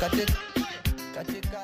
Katika, katika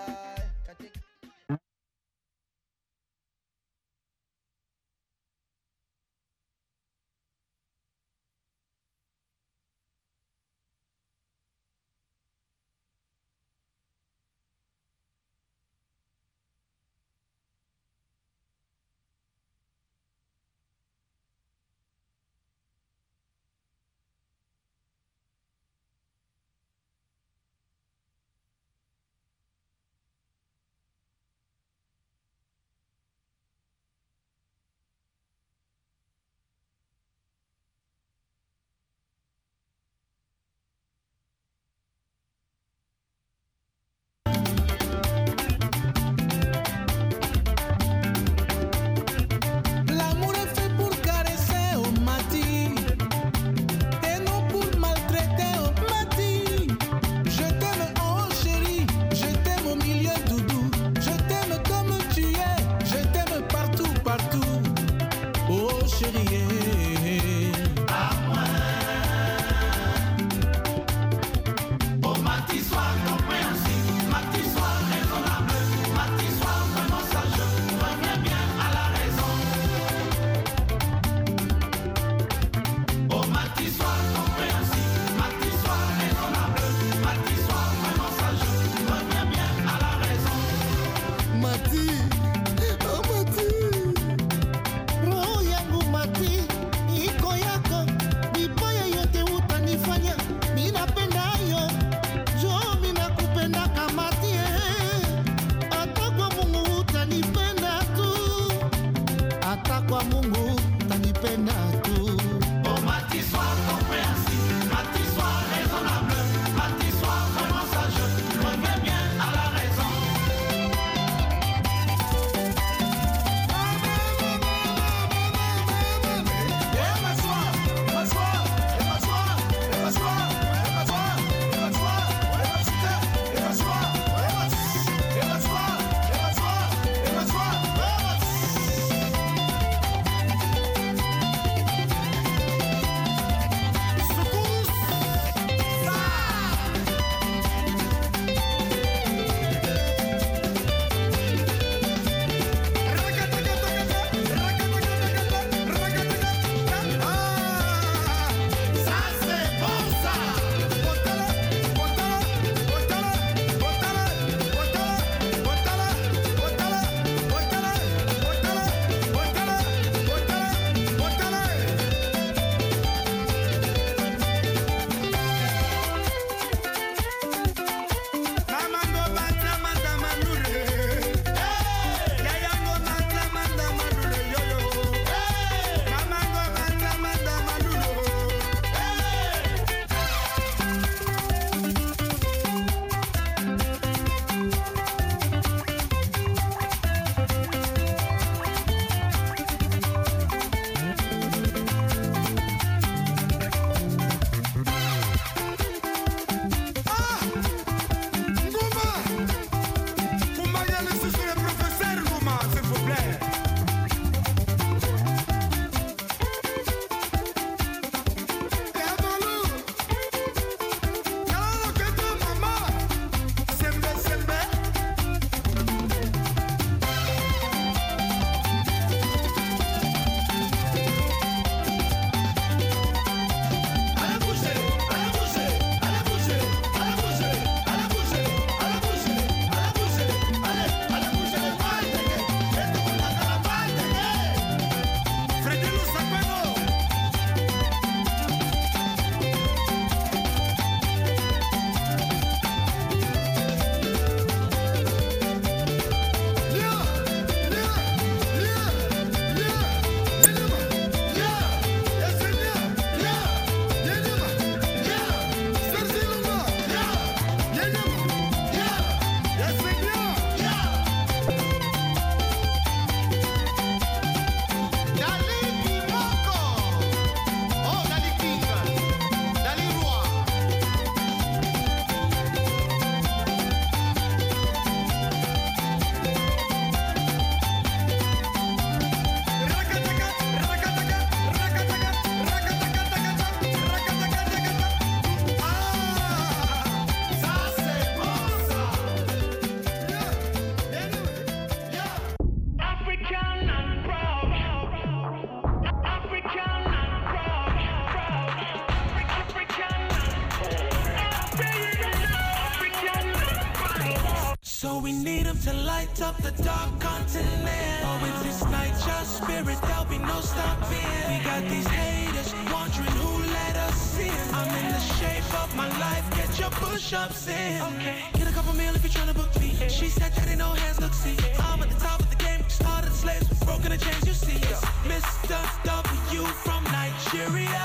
shops in. Okay. Get a couple meal if you're trying to book me. Yeah. She said that ain't no hands, look, see. Yeah. I'm at the top of the game, started the slaves, broken the chains, you see. Yo. Mr. W from Nigeria.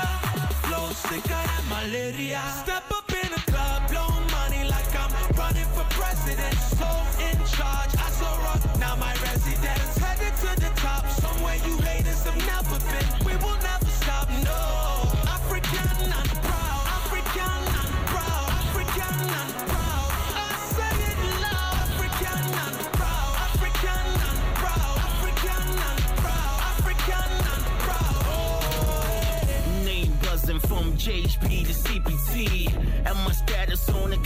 Blow sicker than malaria. Step up in the club, blow money like I'm running for president. So in charge, I saw rock, now my residence. Headed to the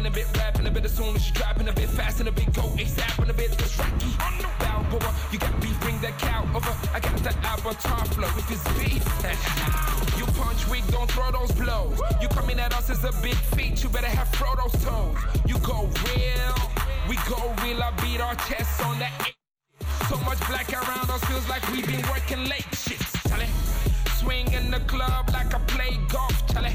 rapping, a bit rapping, a bit as soon as you driving a bit fast and a bit go ASAP and a bit less rocky. On the Balboa, you got beef, bring that cow over. I got that avatar flow with this beat. you punch weak, don't throw those blows. You coming at us as a big feat, you better have Frodo's toes. You go real, we go real. I beat our chests on that. Eight. So much black around us feels like we've been working late. Shit, Charlie. Swing in the club like I play golf, Charlie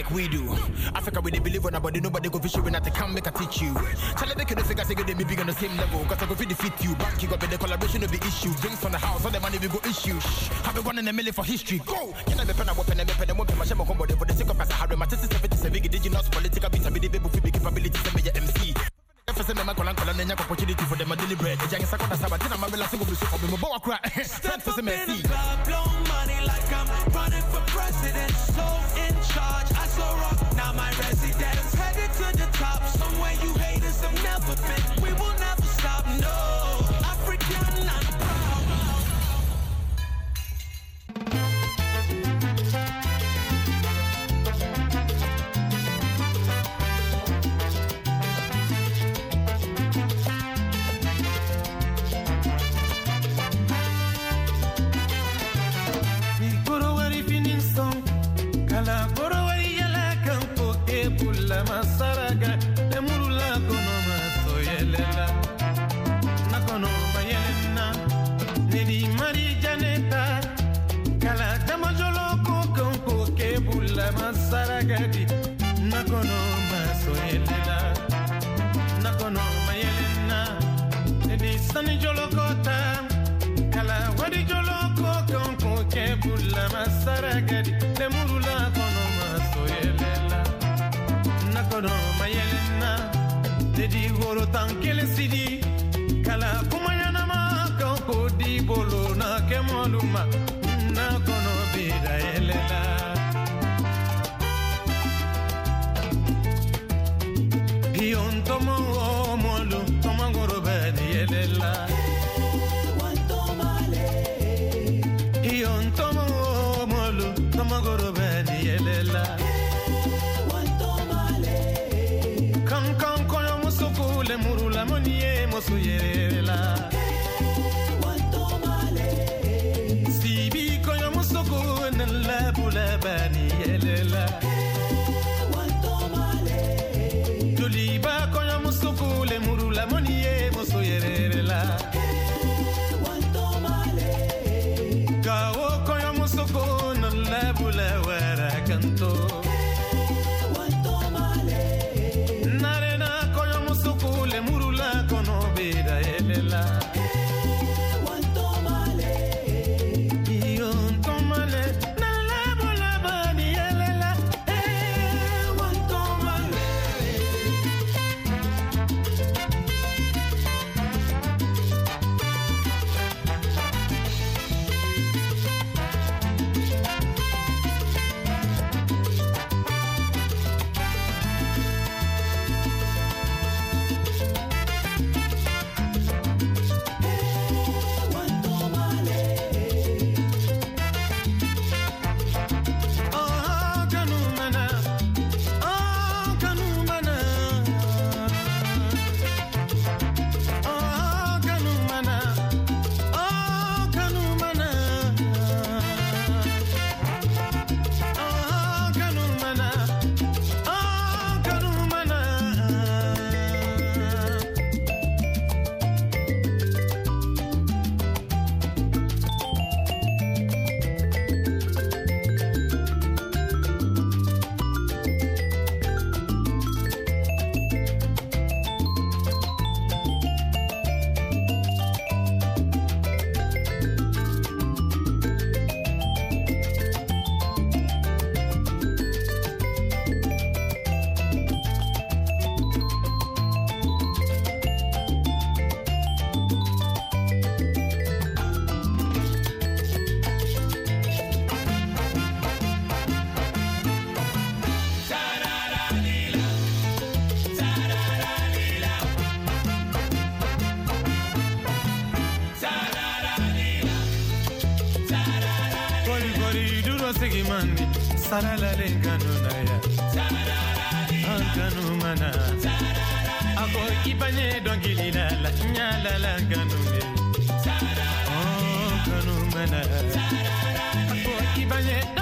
like we do. Africa, we they believe on nobody, nobody go fish you when I can make a teach you. Tell them they can't figure, say they be big on the same level. Cause I go feed defeat you. Back you got the collaboration will be issue. Drinks on the house, all the money we go issue. Shh, have been one in a million for history. Go! Can I be pen a weapon and me pen and won't my shame on combo for the sake of my Sahara? My sister's 77 indigenous political beats. I be the baby with capabilities and your MC i me makola opportunity for them a deliberate ejangi sakona blow money like I'm running for president so in charge I so rock now my residence headed to the top somewhere you haters have never been we will kadi nakono maso yelela nakono mayelenna edi sani jolokota kala wadi joloko kanko ke bulla masara kadi lemurula kono maso yelela nakono mayelenna edi woro tankele sidi na na. Porky Ballet.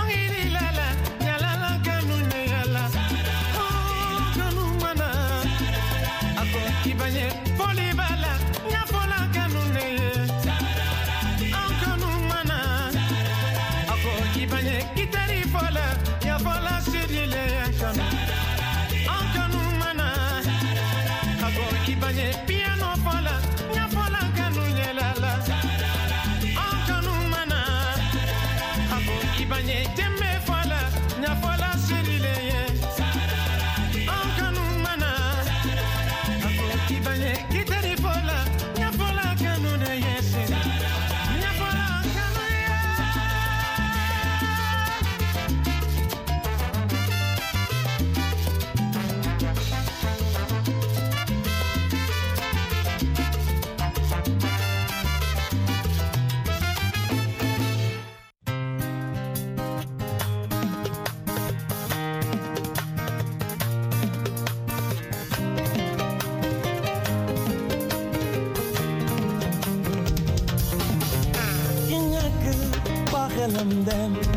them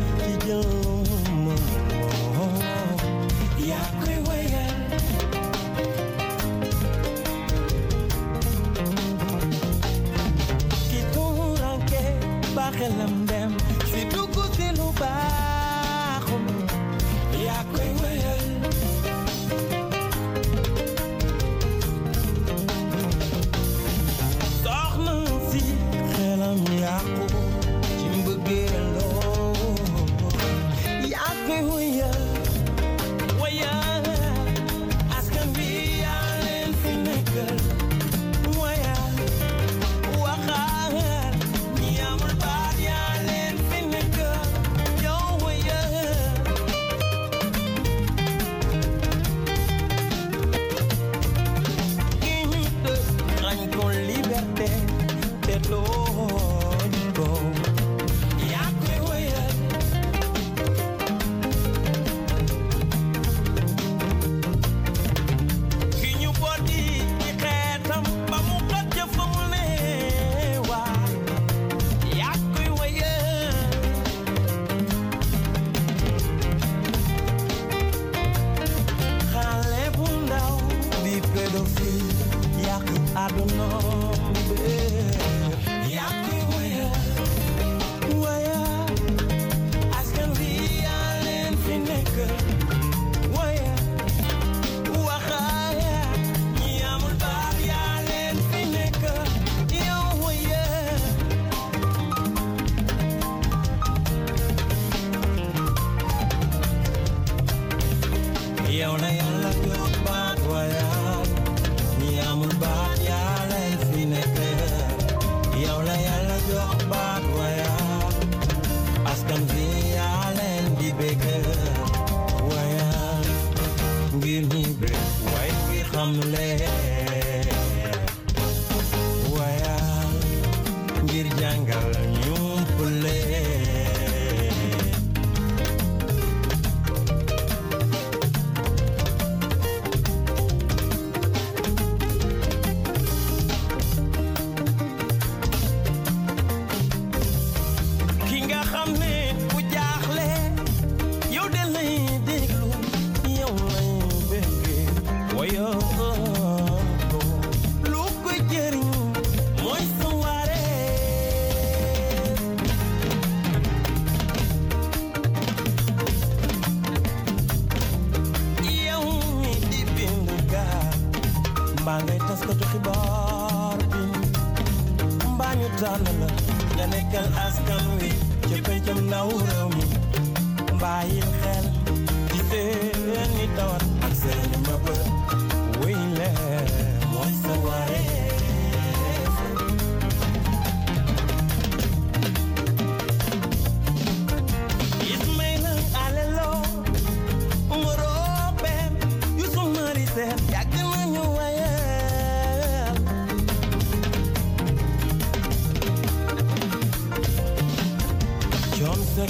maker.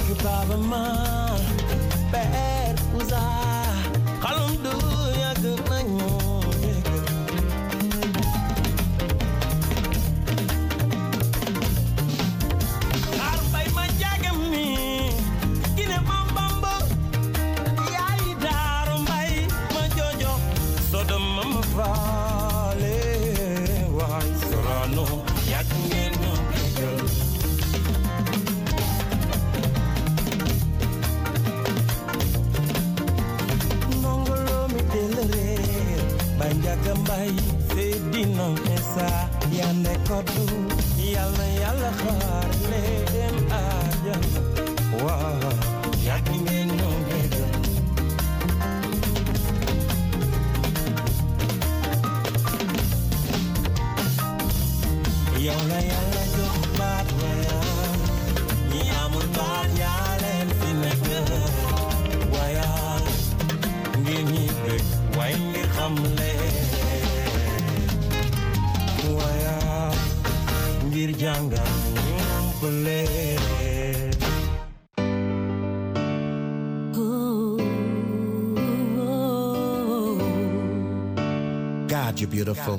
ki babama, per uza, kalum dur. Nekadu kabul yalan yalaka you're beautiful.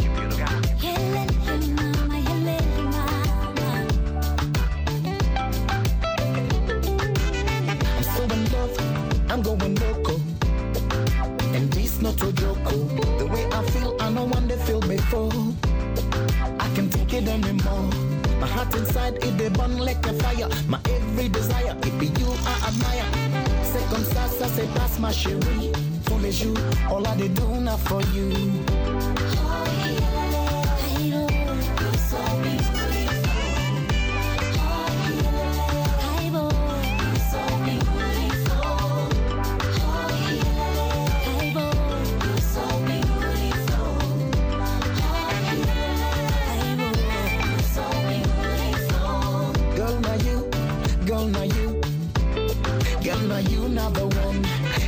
heart inside, it they burn like a fire. My every desire, it be you I admire. Second comme ça, ça se my ma chérie. Tous all I do now for you.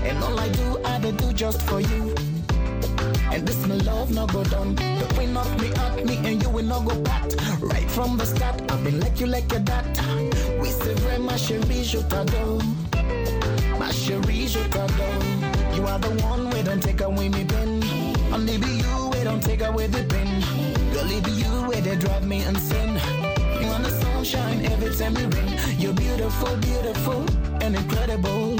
And all I do, I do just for you. And this my love no go done. The queen of me up, me and you will not go back. Right from the start, I've been like you like a dat. We say very ma chérie, je t'adore. Ma chérie, je t'adore. You are the one we don't take away me pen. Only be you we don't take away the pen. Girl, it be you where they drive me insane. You want the sunshine every time you ring. You're beautiful, beautiful, and incredible.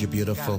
you're beautiful.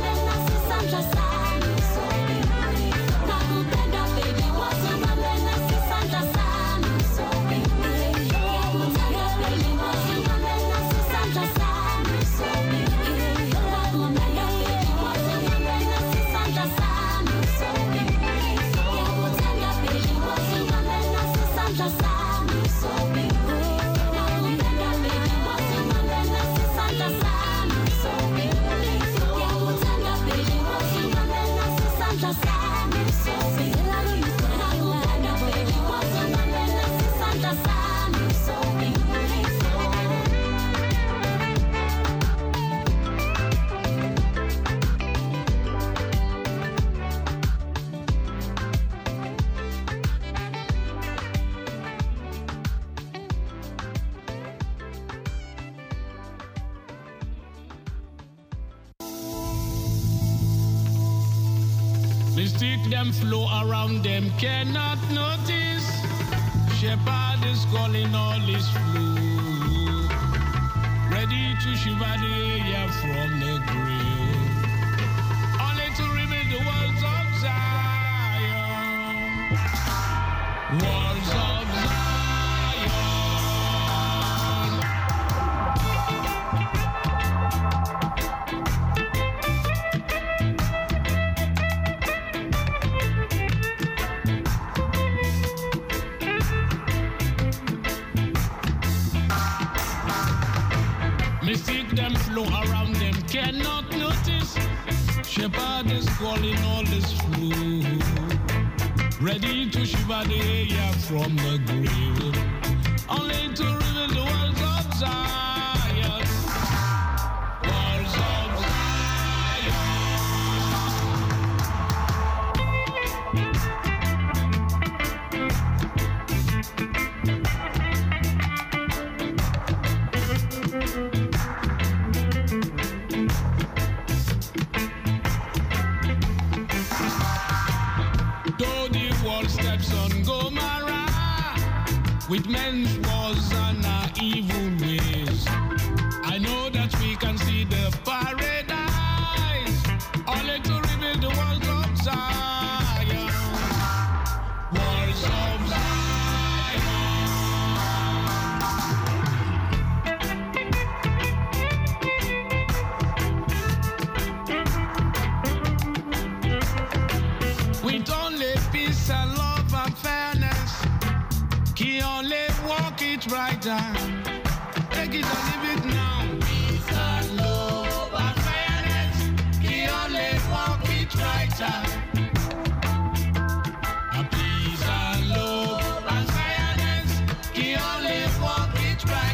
cannot notice. Shepherd is calling all his flow. Ready to shiver the air from the grave. with men's was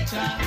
time.